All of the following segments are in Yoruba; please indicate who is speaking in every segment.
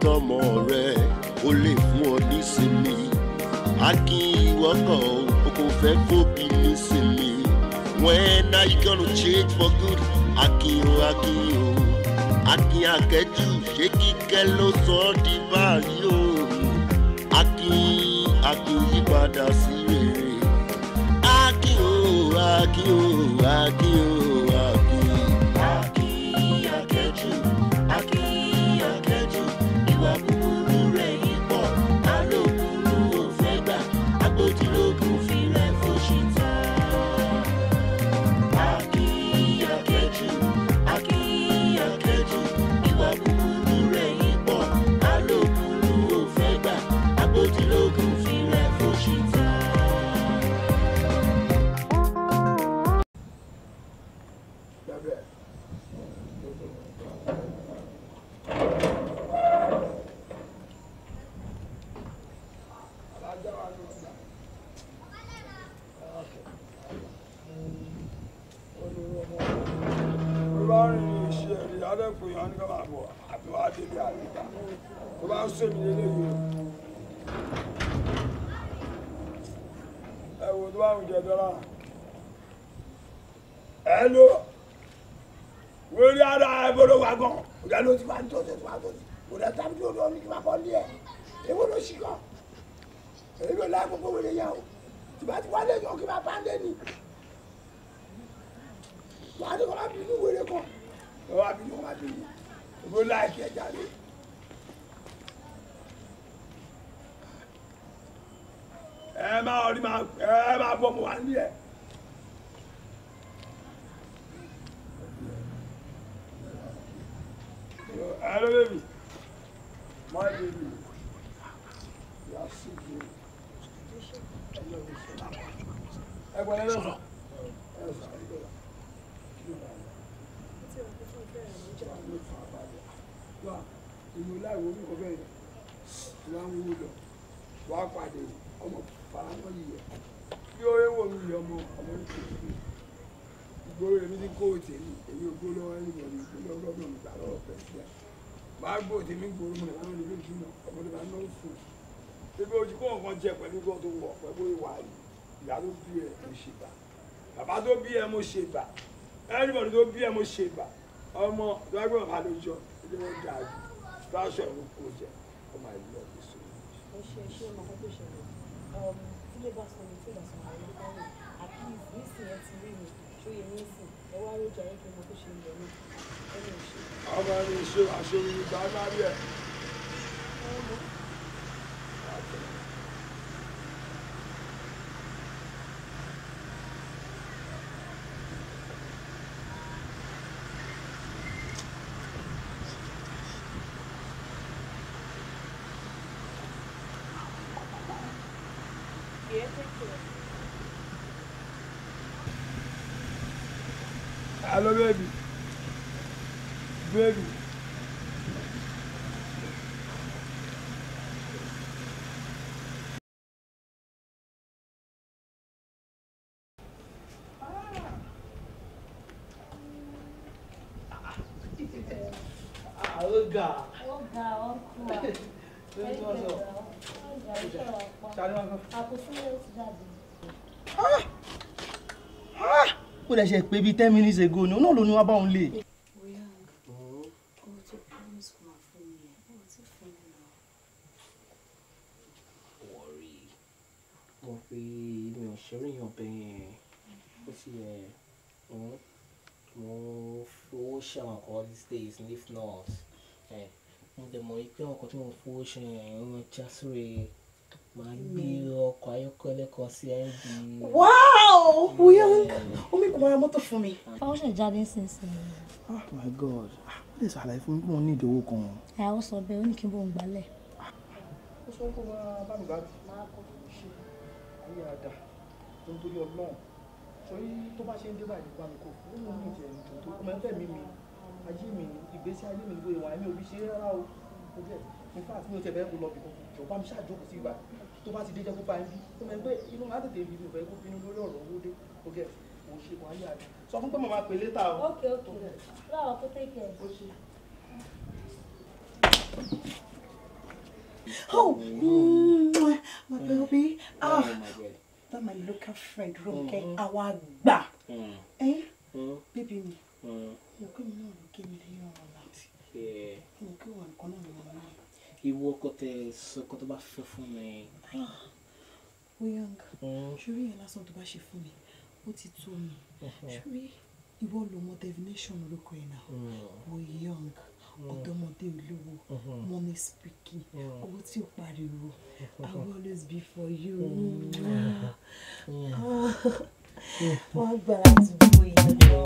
Speaker 1: tọmọ rẹ ó lè fún ọ nísinmi akínwọ́kọ̀ o kò fẹ́ fòbí nísinmi when are you gonna change for good akin o akin o akin akẹ́jù ṣé kíkẹ́ ló sọ ọ́ di báyìí o akin akin yípadà sí rere akin o akin o akin o.
Speaker 2: èrò lágbogbo wèrè yẹn o tùbá ti wálé yàn kí n máa bá ń lé ni wàá ní kọ́lá bínú wèrè kan lọ́wọ́ bínú kọ́lá bínú ìbò láìkí ẹ̀já lé. ẹ máa ọdí máa ẹ máa bọ́ mọ̀ wá ní ẹ̀. Hello baby. My baby. sọ̀rọ̀. ìlú ojú kó nǹkan jẹ pẹ̀lú gbọ́dọ̀ wọ̀ pẹ̀lú ìwà yìí ìyá ló bí ẹ mo ṣe bà bàbá tó bí ẹ mo ṣe bà everybody tó bí ẹ mo ṣe bà ọmọ tó wá gbé bàbá ló jọ ilé wọn dáa jù tó aṣọ ìlú kò jẹ ọmọ ìlú ọdún sọ. ẹ ṣe ẹ ṣe màkà tó ṣẹlẹ̀
Speaker 3: tílé um, bá sọ mi tí sọ àwọn olùkọ́ mi àbí nísìnyí ti rí mi tó nísìn ẹ
Speaker 2: wá lójú ayé kí n tó ṣe ń lọ ní ẹni ìṣe. ọmọ ẹni ìṣe àṣeyọrí gbàgbà rí ẹ. Hello, baby. Baby.
Speaker 4: kó dẹ̀ ṣe pé bíi ten minutes ago ni òun náà ló ní wá bá òun lè. Hmm,
Speaker 3: mo fowó ṣe àwọn kan these days if not mo dẹ̀ mọ̀ pé àwọn kan tí mo fowó ṣe yẹn ń sórí màá gbé ọkọ̀
Speaker 4: ayọ́kẹ́lẹ́ sí ẹ̀ bí.
Speaker 3: Oh, oh young, Oyank, omi kò mara for me? mi. Fáwọn ṣe jáde since. Oh
Speaker 4: my God, what ah, ah, is ṣàlàyé life? We pé mo ní ìdíwọ́ kan.
Speaker 3: Àyà ó sọ bẹ́ẹ̀, ó ní kí n bò ń gbálẹ̀.
Speaker 4: Ó sọ kó máa bá mi bá mi. Máa kọ́ tó ṣe ayé àdá tó ń torí ọlọ́run. Sọrí tó bá ṣe ń dé báyìí bá mi kò fún mi ní ìjẹ́ ní tòótọ́. Ọmọ ẹgbẹ́ mi mi, ayé mi, ìgbésí ayé mi ni gbogbo ìwà ẹ̀mí in fact mi ò tẹ̀ bẹ́ẹ̀ kó lọ bìkan. Ìjọba mi ṣáà jókòó sí ìgbà tó bá ti dé jẹ́ kó bá ń bí tó mẹ́ pé inú máa tètè bí mi ò fẹ́ kó bínú lórí ọ̀rọ̀ owó dé kó gẹ̀ kó ṣe kó ayé àdá sọ fún pé màmá pè létà o. ok ok
Speaker 3: láwọn kó tẹ̀ kẹ́ ẹ̀. Oh, oh, oh ah, my baby. Ah, that my local friend Ronke, mm-hmm. àwa gbà. Mm-hmm. Eh, mm-hmm. baby mi. Mo kí mi náà ló kí mi lẹ́yìn ọ̀rọ̀ láti. Mo kí wà nǹkan náà lọ́wọ́ náà ìwọ ọkọ tẹ sọ ọkọ tó bá fẹ́ mi. oyanga ṣorí yẹn lásán tó bá ṣe fún mi ó ti tó mi ṣorí ìwọ lo mọ definition olóko yẹn náà oyanga ọ̀dọ́mọdé olówó money speaking owó tí ó pariwo i will always be for you. Ah. Ah. wọ́n gbára ti bóyá lọ.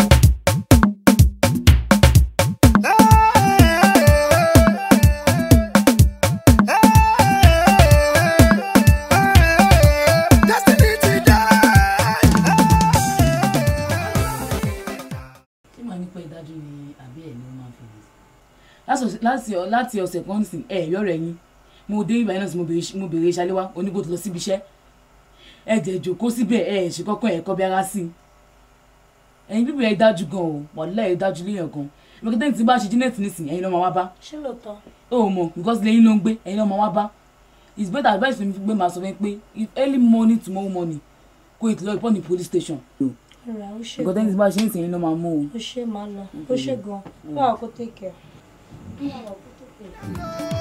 Speaker 5: láti láti ọ̀sẹ̀ kan nísìn ẹ̀ ẹ̀yọ́ rẹ̀ yín mo dé ibà yẹn náà tí mo bèrè ìṣàlẹ́wà onígbò tó lọ síbi iṣẹ́ ẹ̀ jẹ́ jòkó síbẹ̀ ẹ̀ ṣe kọ́kọ́ ẹ̀ kọ́ bí ara sí ẹ̀yin bíbẹ̀ ẹ̀ dájú gan o wàlẹ́ ẹ̀ dájú léèyàn gan lókítẹ́ni tí bá ṣe Janet nísìn ẹ̀yin lọ́mọ wá bá. ṣé lóòótọ́. o mọ̀ because lẹ́yìn ló ń gbé ẹ̀yin lọ́mọ wá bá it's better advice for me gbé màá sọ fún pé if early morning tomorrow morning kó ètò lọ report ní police station.
Speaker 6: ọ̀rẹ́ ó ṣe gan. lókítẹ́ni
Speaker 5: tí bá ṣe nísìn ẹ̀yin lọ́mọ mú o.
Speaker 3: ó ṣe máa lọ ó mm-hmm. ṣe gan mm-hmm. fún àkótó ìkẹ́. うん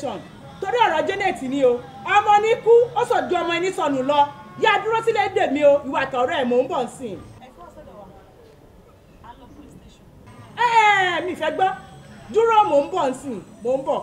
Speaker 5: station torí ọ̀rọ̀ Janet ni o ọmọ ní kú ó sọ ju ọmọ ẹni sọnù lọ yá dúró sílé dèmi o ìwà àtọ̀rọ̀ ẹ̀ mò ń bọ̀ nsìn. ẹ ẹ mi fẹ́ gbọ́ dúró mò ń bọ̀ nsìn mò ń
Speaker 3: bọ̀.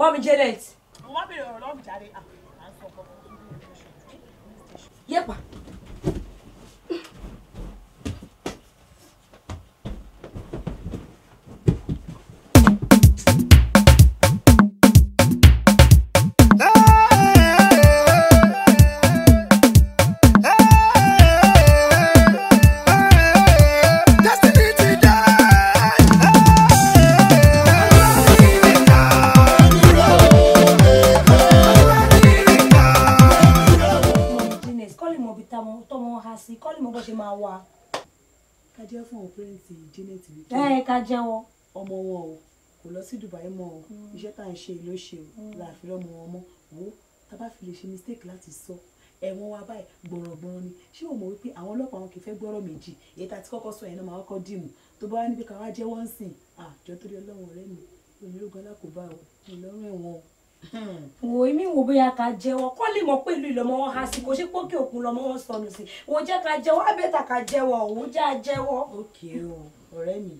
Speaker 3: mọ́mí Janet. mo late weekend. ẹ ká jẹ́wọ́. ọmọ wọn o kò lọ sí Dubai mọ́ o hmm. iṣẹ́ tá à ń ṣe ló ṣe o hmm. láàfin lọ́mọ wọn mọ́ wo tá a bá fi lè ṣe mistake láti sọ ẹ̀wọ̀n wa báyìí gbọ̀rọ̀gbọ̀rọ̀ ni ṣé o mọ̀ wípé àwọn ọlọ́pàá wọn kì í fẹ́ gbọ́rọ̀ méjì èyí tá a ti kọ́kọ́ sọ yẹn náà máa kọ́kọ́ dìmú tó bá wá níbi ká wá jẹ́wọ́ ń sìn àjọ torí Ọlọ́run ọ̀rẹ́ mi onírúgbọ́n alákòóbá o ìlọrin ẹ̀wọ̀n o wò mí wò bóyá ká jẹ́wọ́ kọ́ lè mọ̀ pé ìlú ìlọ́mọ wọn há sí kò ṣe pókè òkun lọ́mọ wọn sọnù sí wò jẹ́ ká jẹ́wọ́ àbẹ́ta ká jẹ́wọ́ òun já jẹ́wọ́. ókè o ọ̀rẹ́ mi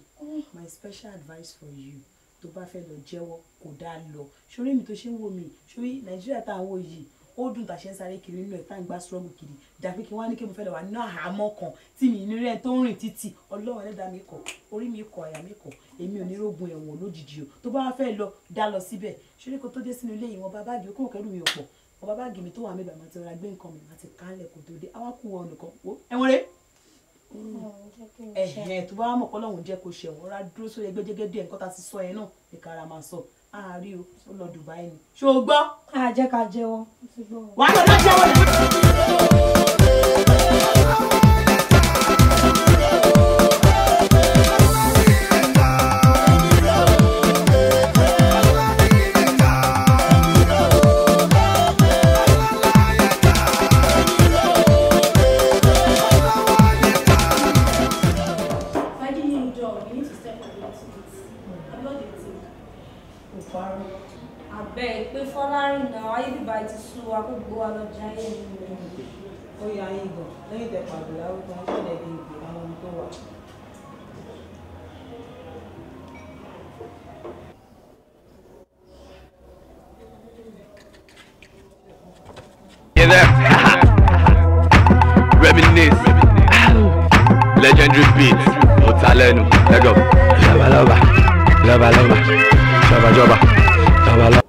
Speaker 3: my special advice for you tó bá fẹ́ lọ jẹ́wọ́ kò dáa lọ sórí mi tó ṣe ń wò mí sórí nàìjíríà tá à ń yìí ó dùn tàṣẹ ń sáré kiri nínú ẹ̀ tá à gbá struggle kiri dàbí kí wọ́n á ní kí mo fẹ́ lọ wà ní àhámọ́ kan tí mi ní rẹ̀ tó ń rìn títì ọlọ́run ẹlẹ́dàá mi kọ̀ orí mi kọ̀ àyà mi kọ̀ èmi ò ní rógun ẹ̀wọ̀n lójijì o tó bá fẹ́ lọ dá lọ síbẹ̀ sórí kó tó dé sínú ilé yìí wọn bá báàgì okòwò kẹrù mi ò pọ̀ wọn bá báàgì mi tó wà mí bàmọ́ ti rọra gbé nǹkan mi àti kánlẹ̀ kò tó dé awákùn wọn nìkan wò ẹ̀wọ̀n rẹ̀
Speaker 6: Mm. ẹ̀hẹ̀ tó
Speaker 3: bá mọ̀ kọ́lọ́hún jẹ́ kó ṣẹ̀wọ́n rà dúró sórí ẹgbẹ́jẹgẹ́dẹ́ nǹkan tá a ti sọ ẹ náà ní kára máa sọ àárí o ó lọ Dubai ni ṣó o gbọ́. àjẹkà jẹ́wọ́. wàá lọ lọ jẹ́wọ́. kò lárúkọ ń ṣẹlẹ̀ bí
Speaker 6: ìgbè àwọn Reminisce,
Speaker 2: legendary beat, Motalenu, go, Lava Lava, Lava Lava,
Speaker 6: lava Jọba, Lava Lava.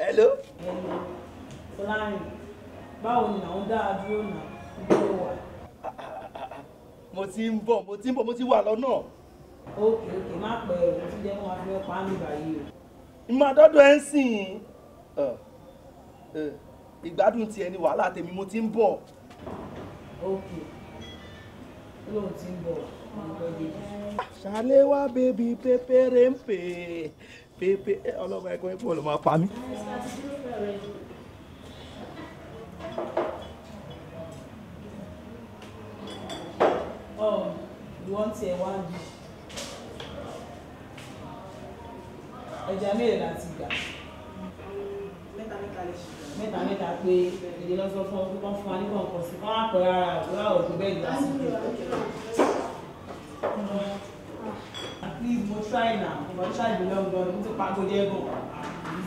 Speaker 6: Hello. Hello.
Speaker 3: Fọláyìn, báwo ni àwọn dáa dúró na mo ti
Speaker 4: ń bọ̀ mo ti ń bọ̀ mo ti wà lọ́nà. òkè òkè má pẹ́ o ti jẹ́ wọn fẹ́ pa á mi báyìí o. ìmọ̀dọ́dọ̀ ẹ̀ ń sìn ìgbádùn tiẹ̀ ni wàhálà tèmi mo ti ń bọ̀. òkè olóhùn ti ń bọ̀ ṣàlẹ́ wá bèbí pépéré ń pè é pépé ọlọ́mọ ẹ̀kọ́ ẹ̀kọ́ ló máa pa mí.
Speaker 3: um ìwọ ń tiẹ̀ wá ń bì ẹja mélòó láti gbà mẹ́ta mẹ́ta lè ṣe mẹ́ta mẹ́ta pé èdè lọ sọ fún ọkùnkàn fún wa ní kọ̀ọ̀kan sí kọ́ àpẹ ara ìwà òkú bẹ́ẹ̀ ni láti gbé. please mo try na mo try the long run mo ti pa gbọdọ ẹgbọn.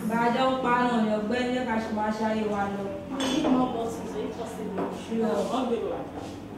Speaker 6: bàjẹ́ ń pa
Speaker 3: náà ni ọgbẹ́ni ká ṣe máa ṣe ayé wa lọ. ìmọ̀ bọ̀ sí ṣe é kọ́ sí mi. ṣùgbọ́n ọ̀gbìn wà.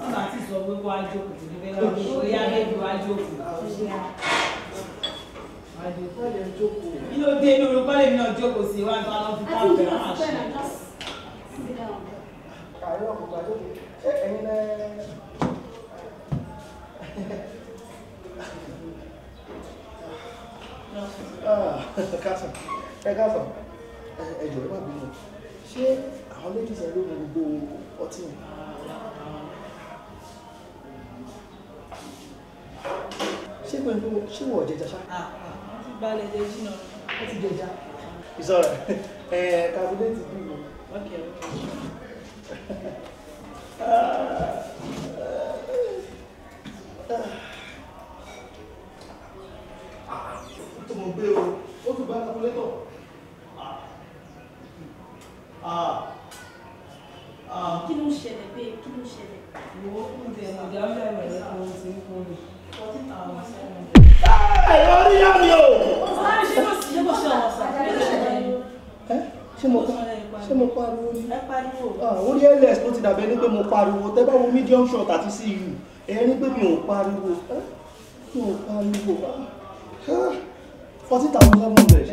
Speaker 4: nígbà tí sọ pé kó tó níbẹ̀ náà ó yá bẹ́ẹ̀ ló kí ló dé inú orúkọ
Speaker 3: lèmi náà jókòó sí
Speaker 6: wá nípa bá ọ̀gbẹ́ náà máa ṣe.
Speaker 4: ààrẹ ah, ẹ kásán ẹ jọ̀ọ́ ẹ má bínú ṣé àwọn méjì ló mú gbogbo ọtí yìí. ṣé pẹ̀lú ṣé wọ́n jẹjà ṣá. àwọn ah, ah, ti balẹ̀ jẹ jìnnà. wọ́n ti jẹjà. ìsọ̀rọ̀ ẹ̀ kàbídẹ́ẹ̀tì bí mi. kí ló
Speaker 3: ń ṣẹlẹ̀ bẹ́ẹ̀ kí ló ń ṣẹlẹ̀. ìwọ́n kún tẹ̀ ọ̀gá mẹ́rin ló ti ń kún
Speaker 5: ẹ̀rọ
Speaker 6: oníyá mi o.
Speaker 4: ṣé mo kọ́ ṣé mo pariwo ni orí ls ló ti dàbẹ́ ní pé mo pariwo tẹ́ bá wo medium shot àti cu ẹ̀yẹ́ ní pé mi ò pariwo mi ò pariwo forty thousand seven hundred.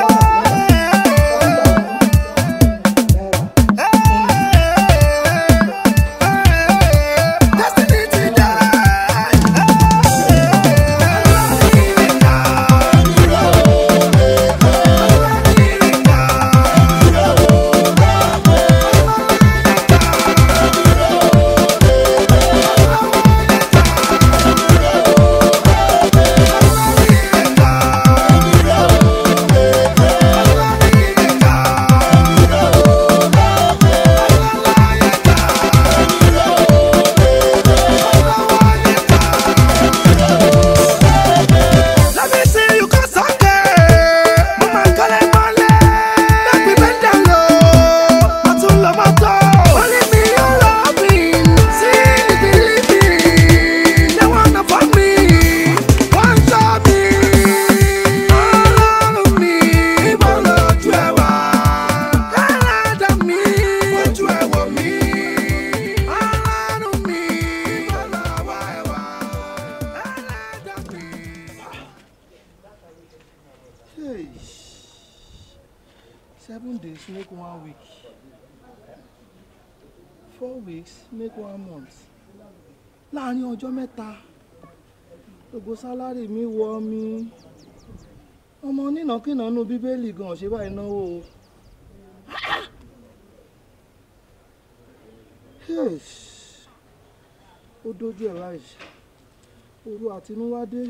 Speaker 4: Ah, four weeks make one month láàárín ọjọ́ mẹ́ta gbogbo sálárì mi wọ mi ọmọ onínàkínà nu bíbélì gan ṣe báyìí náwó o. ó dójú ẹ̀ láì orú àtinúwá dé.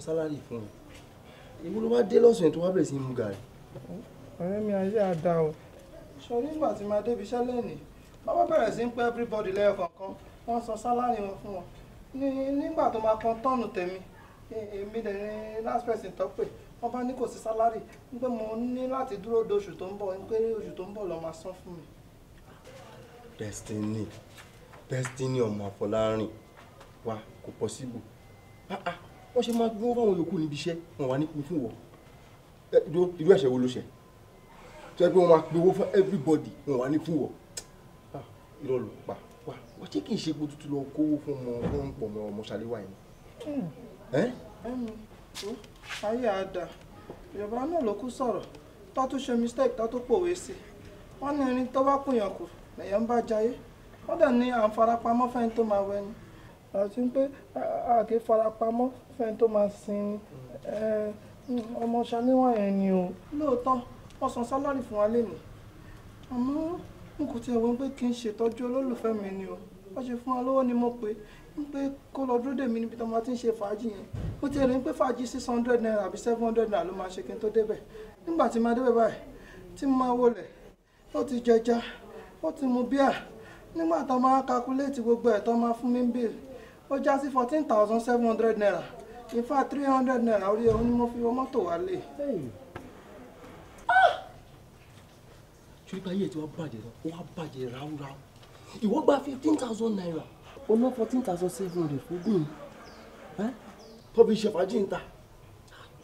Speaker 7: san sálárì fún mi èwo ló wá dé lọ́sùn yẹn tó wá bẹ̀rẹ̀ sí
Speaker 4: í gàrí. ọ̀rẹ́ mi ayé àdá o ṣọ nígbà tí máa débi iṣẹ́ lẹ́nìí bàbá bẹ̀rẹ̀ sí ń pẹ́ everybody lẹ́yọ kọ̀ọ̀kan wọ́n san sálárì wọn fún wọn nígbà tó máa kan tọ́ọ̀nù tèmi e, èmi dẹ̀ ní last person tó pè wọ́n bá ní kò sí sálárì ń pé mo ní láti dúró de oṣù tó ń bọ̀ ń pé oṣù tó ń bọ̀ lọ́ọ́ máa san fún mi.
Speaker 7: destiny destiny ọmọ àfọlárìn wa kò possible ah, ah wọ́n ṣe máa gbówó fáwọn yòókù níbi iṣẹ́ wọn wà ní fún wọn irú ẹ̀ṣẹ̀ wo ló ṣẹ̀ tó yẹ pé máa gbówó fún everybody wọn wà ní fún wọn ah, irọ́ pa wá wọ́n ṣé kì í ṣe gbó tuntun lọ kówó fún ọmọ fún ọmọ ọmọ ọmọ ṣàléwà yẹn.
Speaker 1: Hmm.
Speaker 4: ayé àdá ìjọba náà ló kú sọ̀rọ̀ tó tún ṣe mistake tó tún pòwe sí i wọ́n ní irin tó bá kùyàn kù lèèyàn bá jayé wọ́n dẹ̀ ní à fẹ́ni tó máa wẹni àti pé àkè farapamọ́ fẹ́ni tó máa sin ọmọ ṣaléwọ̀n yẹn ni o lóòótọ́ wọ́n san sálárì fún wa lénìí àmọ́ n kò tiẹ̀ wọ́n pé kí n ṣètọ́jú olólùfẹ́ mi ni o wọ́n ṣe fún wa lọ́wọ́ ni mo pé n pé kó lọ dúró dè mí níbi tó máa ti ń ṣe fàájì yẹn mo ti rí i pé fàájì six hundred naira àbí seven hundred naira ló máa ṣe kí n tó débẹ̀ nígbà tí máa débẹ̀ báyìí tí mo máa wọlé ó ti jẹja ó ti mu bíà nígbà tó máa kakuléètì gbogbo ẹ̀ tó máa fún mi ń ó já sí fourteen thousand seven hundred naira in fact three hundred naira orí ẹ̀ ni mo fi wọ mọ́tò wálé. Ah!
Speaker 7: ṣùgbọ́n ayé ẹ̀ tí wọ́n bàjẹ́ lọ wọ́n á bàjẹ́ ráúráú ìwọ gba fifteen thousand naira o ná fourteen thousand seven hundred fún gùn tó fi ṣe fàájì ń ta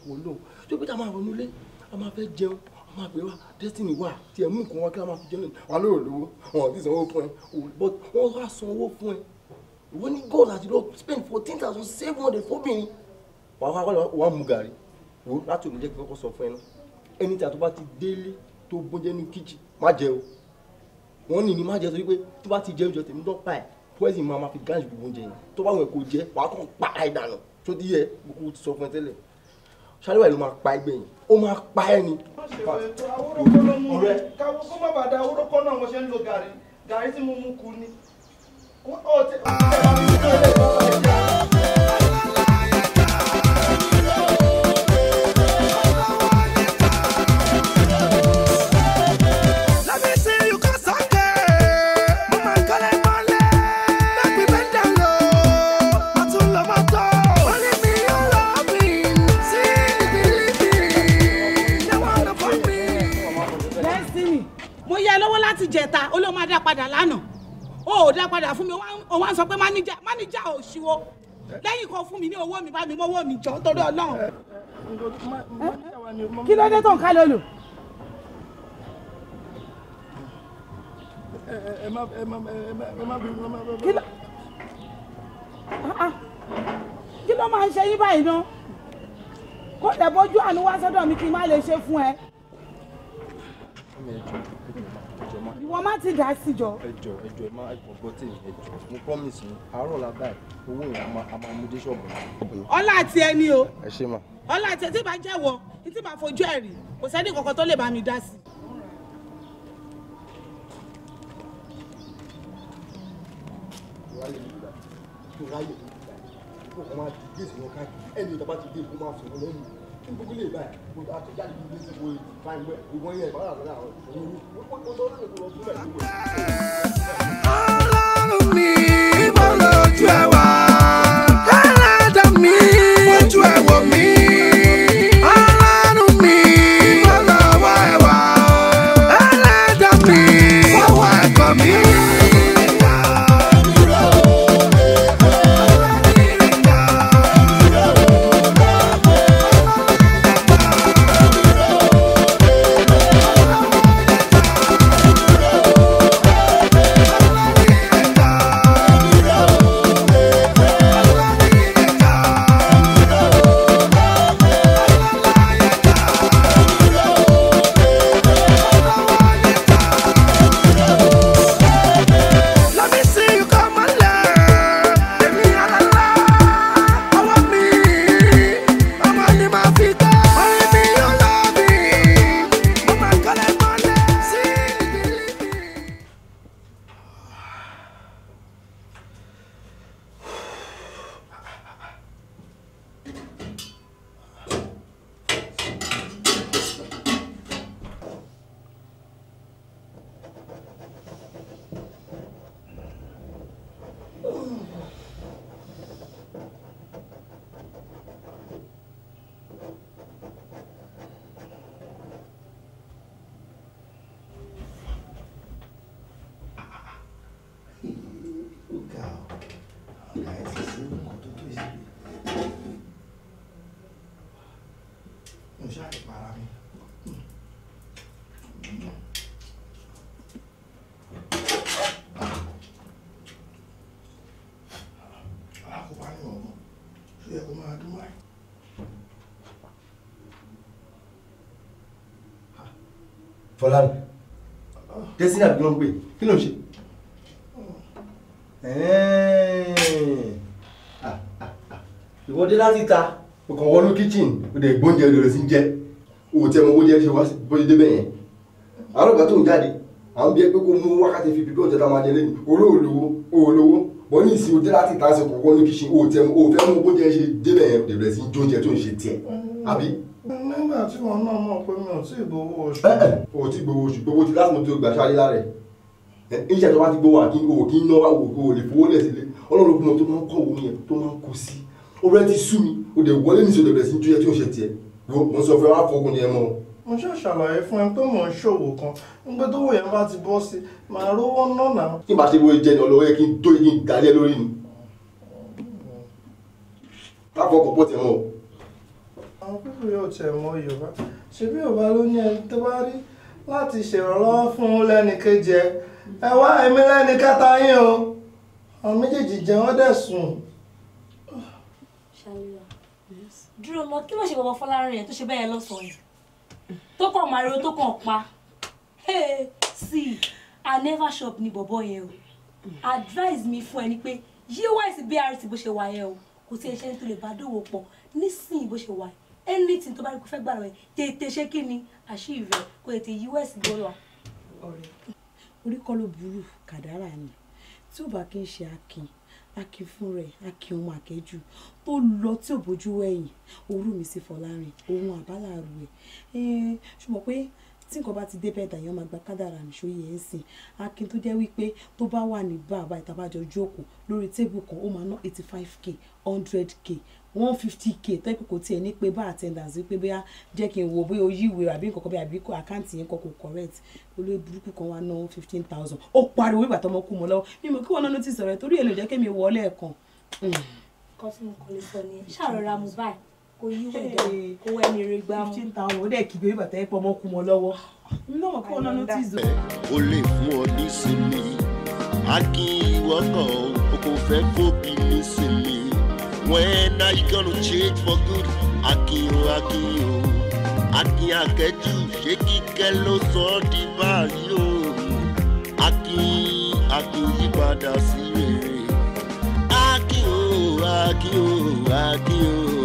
Speaker 7: wò ló tó bí ta máa ronú lé a máa fẹ́ jẹun a máa pè wá destiny wà tí ẹ̀ mú nǹkan wọn kí a máa fi jẹun wà lóò lówó wọn ò ti sanwó fún ẹ but wọn wá sanwó fún ẹ ìwọ ní gold àti lọ spend fourteen thousand seven hundred fún obìnrin wà á wà á mu gàrí wò láti òní jẹ́ kí kọ́kọ́ sọ fún ẹ náà ẹni tí a tó bá ti délé tó bójẹ́ ní kíjì má jẹ o wọ́n ní ní má jẹ torí pé tó bá ti jẹ oúnjẹ tèmi dọ́pà ẹ̀ poison máa ma fi gáàsì gbogbo oúnjẹ yẹn tó bá wọn kò jẹ wà á kàn pa ẹ̀ dànù tó di yẹ kókó sọ fún ẹ tẹ́lẹ̀ ṣáléwà ló máa pa ẹgbẹ́ yìí ó máa pa ẹ ni. ọ̀rẹ́ káwọ́ kó má bàa da awúrọ́kọ́ náà mo ṣe ń lo gàrí gàrí tí mo mú kú ni.
Speaker 5: láti jẹta olóhùn máa dá padà lánàá o ò dá padà fún mi o wá ń sọ pé máníjà máníjà ò ṣíwó lẹ́yìn kan
Speaker 4: fún mi ní owó mi bá mi mọ́wọ́ mi jọ torí ọlọ́run. Eh, eh, kí ló dé tó ń ká
Speaker 5: lólo. kí ló máa ń ṣe yín báyìí náà kó lè bójú àánú wá sọ́dọ̀ mi kí n má lè ṣe fún ẹ má. ìwọ má ti dà sí jọ. ẹjọ
Speaker 7: ẹjọ ẹ má gbọgbọ tèmi ẹjọ mo promise mi àárọ̀ la báyìí owó yẹn a máa a máa mú dé ṣọ́ọ̀bù. ọlá àti ẹni o. ẹ ṣe mà.
Speaker 5: ọlá àti ẹtí bá jẹ́wọ́ títí máa fojú ẹ̀ rí kò sẹ́ni kankan tó lè bá mi dá sí.
Speaker 7: ẹni ìjọba ti dé ìfowópamọ́sọ̀rọ̀ lẹ́nu kí n gbogbo Fọlánù Destiny àbí wọ́n ń pè kí ló ń ṣe. Ah, ah, ah. ìwọ́dé láti ta ọkàn wọnú kíchìn ó dẹ̀ gbóúnjẹ rẹ̀ sí jẹ́ òwò tí ẹ mọ owó jẹ́ ṣe wá bó ṣe débẹ̀ yẹn àrògbà tó ń jáde àwọn bí ẹ pé kó mú wákàtí fi bíbí ọ̀jẹ̀ tá máa jẹ lẹ́nu olóòlówó olówó bọ́ ní ìsìn òdé láti ta ṣe ọkàn wọnú kíchìn òwò tí ẹ mọ owó jẹ́ ṣe débẹ̀ yẹn rẹ̀ sí jóúnjẹ tó ń ṣe tiẹ̀ àbí
Speaker 4: nígbà tí wọn náà mọ̀ pé mi ò tí ì gbowó oṣù. ẹ
Speaker 7: ẹ o ò tí ì gbowó oṣù gbowó ti láti tí o gbà ṣáájú lára ẹ iṣẹ́ tó bá ti gbowó àkí o kì í náwó o lè fowó lẹ̀ sílé ọlọ́run kùnà tó máa ń kọ́ òun yẹn tó máa ń kó sí ó rẹ́ ti sú mi o dẹ̀ wọlé ní ìṣòro sí tó yẹ tí o ṣe tiẹ̀ wo mo sọ fún ẹ wá fọkùn yẹn mọ́ o
Speaker 4: mo ṣe ṣàlàyé fún ẹ pé mò ń ṣòwò kan ń pé tówó yẹn bá ti bọ́ sí màá rówó nọ́nà.
Speaker 7: kí n bá ṣe bóyá jẹni ọlọ́wọ́ yẹ kí n tó yẹ kí lórí ni. láfọkàn pọ̀ tẹ̀ wọ́n o
Speaker 4: àwọn pípò yóò tẹ̀ mọ́ yorùbá ṣebí yorùbá ló ní ẹni tó bá rí láti ṣèrànlọ́wọ́ fún lẹ́nìkejì ẹ wá ẹ̀mí lẹ́nìkẹta yín o àwọn méjèèjì jẹ́ wọ́n dẹ̀ sùn.
Speaker 3: dúró lọ kí ló ṣe bọ̀bọ̀ fọlárin yẹn tó ṣe bẹ́ẹ̀ lọ́sọ̀ọ́ yẹn tó kàn máriwo tó kàn pa sí aneva shop ni bọ̀bọ̀ yẹn o advice mi fún ẹ ni pé yíwáìsì brt bó ṣe wà yẹn o kò sí ẹṣẹ́ tó lè bá dòwò pọ̀ nísìnyí bó ṣe wà anything tó bá rí kó fẹ́ gbà rẹ̀ tètè ṣé kí ni àṣìí rẹ̀ kó tètè yí wẹ́ẹ̀sì gbọ́dọ̀. orí kọ́ ló burú kàdárà ni tí ò bá kí ń ṣe akin akin fún rẹ̀ akin ohun àkẹ́jù tó lọ tí ò bójú wẹ̀yìn òru mi sí fọlárin ohun àbálàrú ẹ̀ ṣùgbọ́n pé tí nǹkan bá ti dé bẹ́ẹ̀ dàyàn máa gba kádàrà nìṣó yẹ ẹ́ sìn akin tó jẹ́ wípé tó bá wà ní bá àbá ìtàbájọ jókòó lórí tébù kan ó máa ná eighty five k hundred k one fifty k tẹ́kù kò tiẹ̀ ní pé bar attendance wípé bóyá jẹ́ kí n wo bóyá oyí ìwé àbí nǹkan kan bí àbí àkáǹtì yẹn kan kò correct olóyè burúkú kan wá ná fifteen thousand ó pariwo ìgbà tọmọ kú mọ lọ́wọ́ mímọ kí wọn náà notice rẹ torí èlò jẹ́ kémi wọlé ẹ̀kan. Hmm. nǹkan tí mo kò lè sọ ni ṣàròra mo báyìí kò yí wẹ̀dẹ̀ kó ẹni rẹ gbá mu. fifteen thousand ó dẹ̀ kí bébí bàtà ẹ̀ pọ̀
Speaker 1: mọ́ kú mọ lọ́wọ́ When are you gonna change for good? Akio, akio, Akin o, Akin akẹ́jù, ṣé kíkẹ́ ló sọ ọ́ akio. báyìí o? Akin,